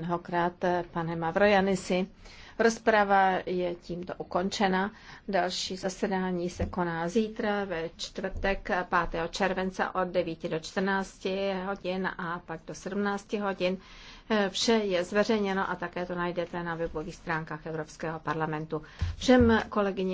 mnohokrát, eh, pane Mavrojanisi. Rozprava je tímto ukončena. Další zasedání se koná zítra ve čtvrtek 5. července od 9 do 14 hodin a pak do 17 hodin. Eh, Vše je zveřejněno a také to najdete na webových stránkách Evropského parlamentu. Všem kolegyně